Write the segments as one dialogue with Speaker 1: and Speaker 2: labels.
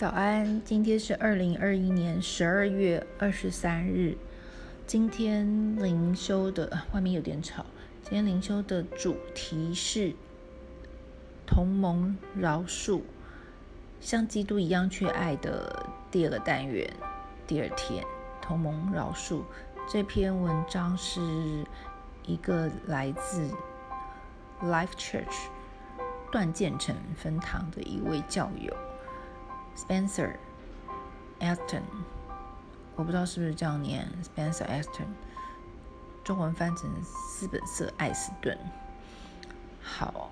Speaker 1: 早安，今天是二零二一年十二月二十三日。今天靈修的外面有點吵。今天靈修的主題是“同蒙饒恕，像基督一樣去愛”的第二個單元。第二天，“同蒙饒恕”這篇文章是一個來自 Life Church 斷劍城分堂的一位教友。Spencer Aston 我不知道是不是這樣念。Spencer Aston 中文翻成斯本瑟艾斯頓。好，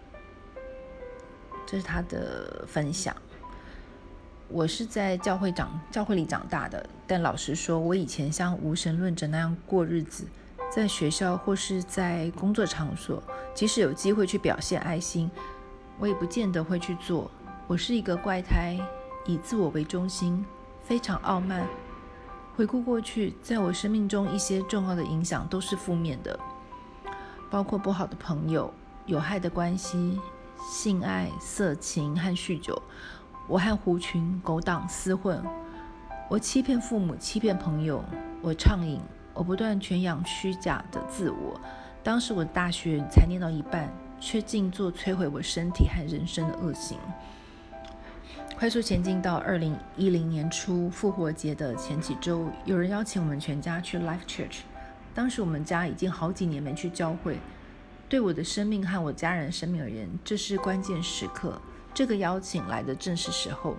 Speaker 1: 這是他的分享。我是在教會長教會裡長大的，但老實說，我以前像無神論者那樣過日子。在學校或是在工作場所，即使有機會去表現愛心，我也不見得會去做。我是一個怪胎。以自我為中心，非常傲慢。回顧過去，在我生命中一些重要的影響都是負面的，包括不好的朋友、有害的關係、性愛、色情和酗酒。我和狐群狗黨廝混，我欺騙父母，欺騙朋友，我暢飲，我不斷豢養虛假的自我。當時我的大學才念到一半，卻盡做摧毀我身體和人生的惡行。快速前進到二零一零年初，復活節的前幾周，有人邀請我們全家去 Life.Church。當時我們家已經好幾年沒去教會，對我的生命和我家人的生命而言，這是關鍵時刻。這個邀請來的正是時候。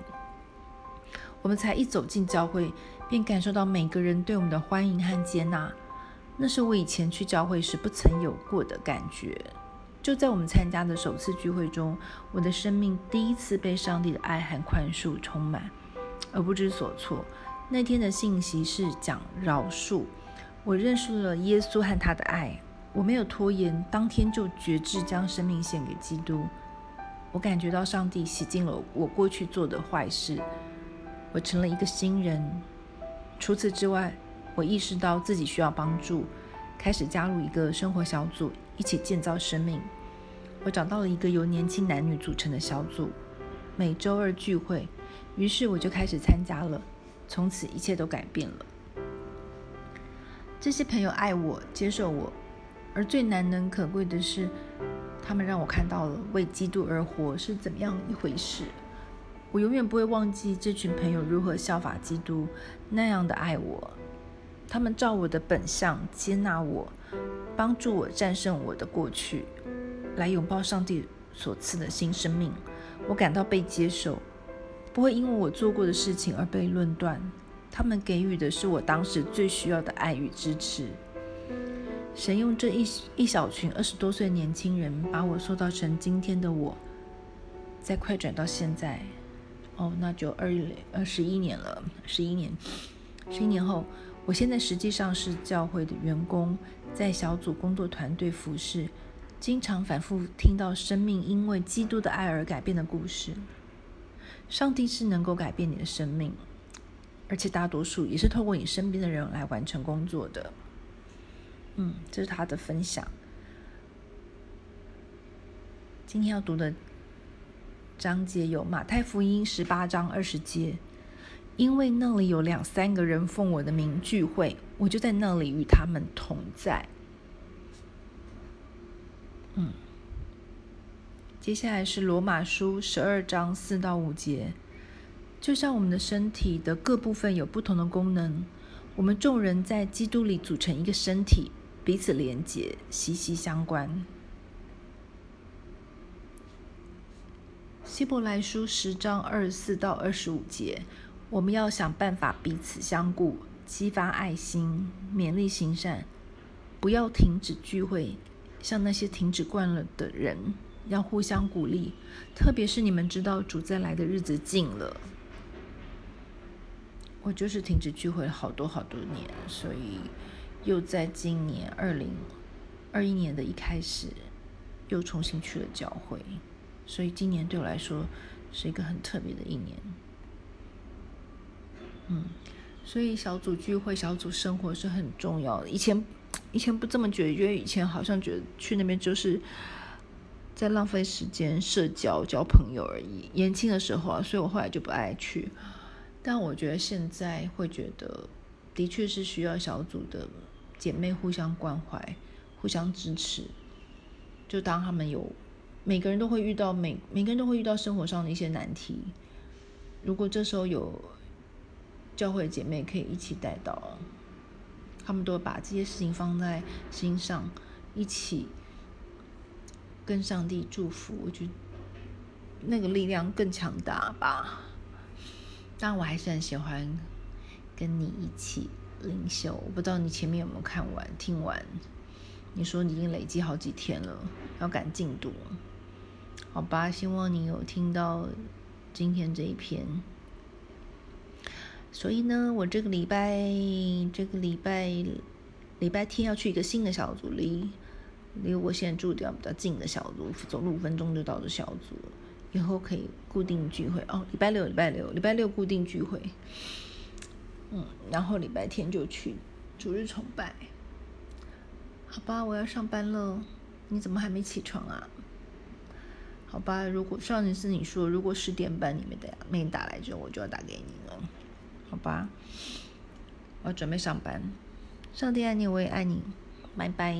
Speaker 1: 我們才一走進教會，便感受到每個人對我們的歡迎和接納，那是我以前去教會時不曾有過的感覺。就在我們參加的首次聚會中，我的生命第一次被上帝的愛和寬恕充滿，而不知所措。那天的信息是講饒恕，我認識了耶穌和他的愛。我沒有拖延，當天就決志將生命獻給基督。我感覺到上帝洗淨了我過去做的壞事，我成了一個新人。除此之外，我意識到自己需要幫助，開始加入一個生活小組，一起建造生命。我找到了一個由年輕男女組成的小組，每周二聚會。於是我就開始參加了。從此，一切都改變了。這些朋友愛我，接受我，而最難能可貴的是，他們讓我看到了為基督而活是怎麼樣一回事。我永遠不會忘記這群朋友如何效法基督，那樣的愛我。他們照我的本相接納我，幫助我戰勝我的過去。來擁抱上帝所賜的新生命，我感到被接受，不會因為我做過的事情而被論斷。他們給予的是我當時最需要的愛與支持。神用這一一小群二十多歲年輕人把我塑造成今天的我。再快轉到現在，哦，那就二，二十十一年了，十一年，十一年後，我現在實際上是教會的員工，在小組工作團隊服侍。經常反覆聽到生命因為基督的愛而改變的故事。上帝是能夠改變你的生命，而且大多數也是透過你身邊的人來完成工作的。嗯，這是他的分享。今天要讀的章節有《馬太福音》十八章二十節，因為那裡有兩三個人奉我的名聚會，我就在那裡與他們同在。嗯，接下來是羅馬書十二章四到五節，就像我們的身體的各部分有不同的功能，我們眾人在基督裡組成一個身體，彼此連接，息息相關。希伯來書十章二十四到二十五節，我們要想辦法彼此相顧，激發愛心，勉勵行善，不要停止聚會。像那些停止慣了的人，要互相鼓勵。特別是你們知道主再來的日子近了。我就是停止聚會了好多好多年，所以又在今年二零二一年的一開始，又重新去了教會。所以今年對我來說是一個很特別的一年。嗯，所以小組聚會、小組生活是很重要的。以前。以前不這麼覺得，因為以前好像覺得去那邊就是在浪費時間、社交、交朋友而已。年輕的時候啊，所以我後來就不愛去。但我覺得現在會覺得，的確是需要小組的姐妹互相關懷、互相支持。就當他們有每個人都會遇到每每個人都會遇到生活上的一些難題，如果這時候有教會姐妹可以一起帶到。他們都把這些事情放在心上，一起跟上帝祝福，我覺得那個力量更強大吧。但我還是很喜歡跟你一起靈修。我不知道你前面有沒有看完，聽完，你說你已經累積好幾天了，要趕進度了，好吧。希望你有聽到今天這一篇。所以呢，我這個禮拜，這個禮拜，禮拜天要去一個新的小組離，離離我現在住的地方比較近的小組，走路五分鐘就到的小組。以後可以固定聚會哦，禮拜六，禮拜六，禮拜六固定聚會。嗯，然後禮拜天就去主日崇拜。好吧，我要上班了。你怎麼還沒起床啊？好吧，如果上一次你說如果十點半你沒打沒打來着，我就要打給你了。好吧，我準備上班。上帝愛你，我也愛你。拜拜。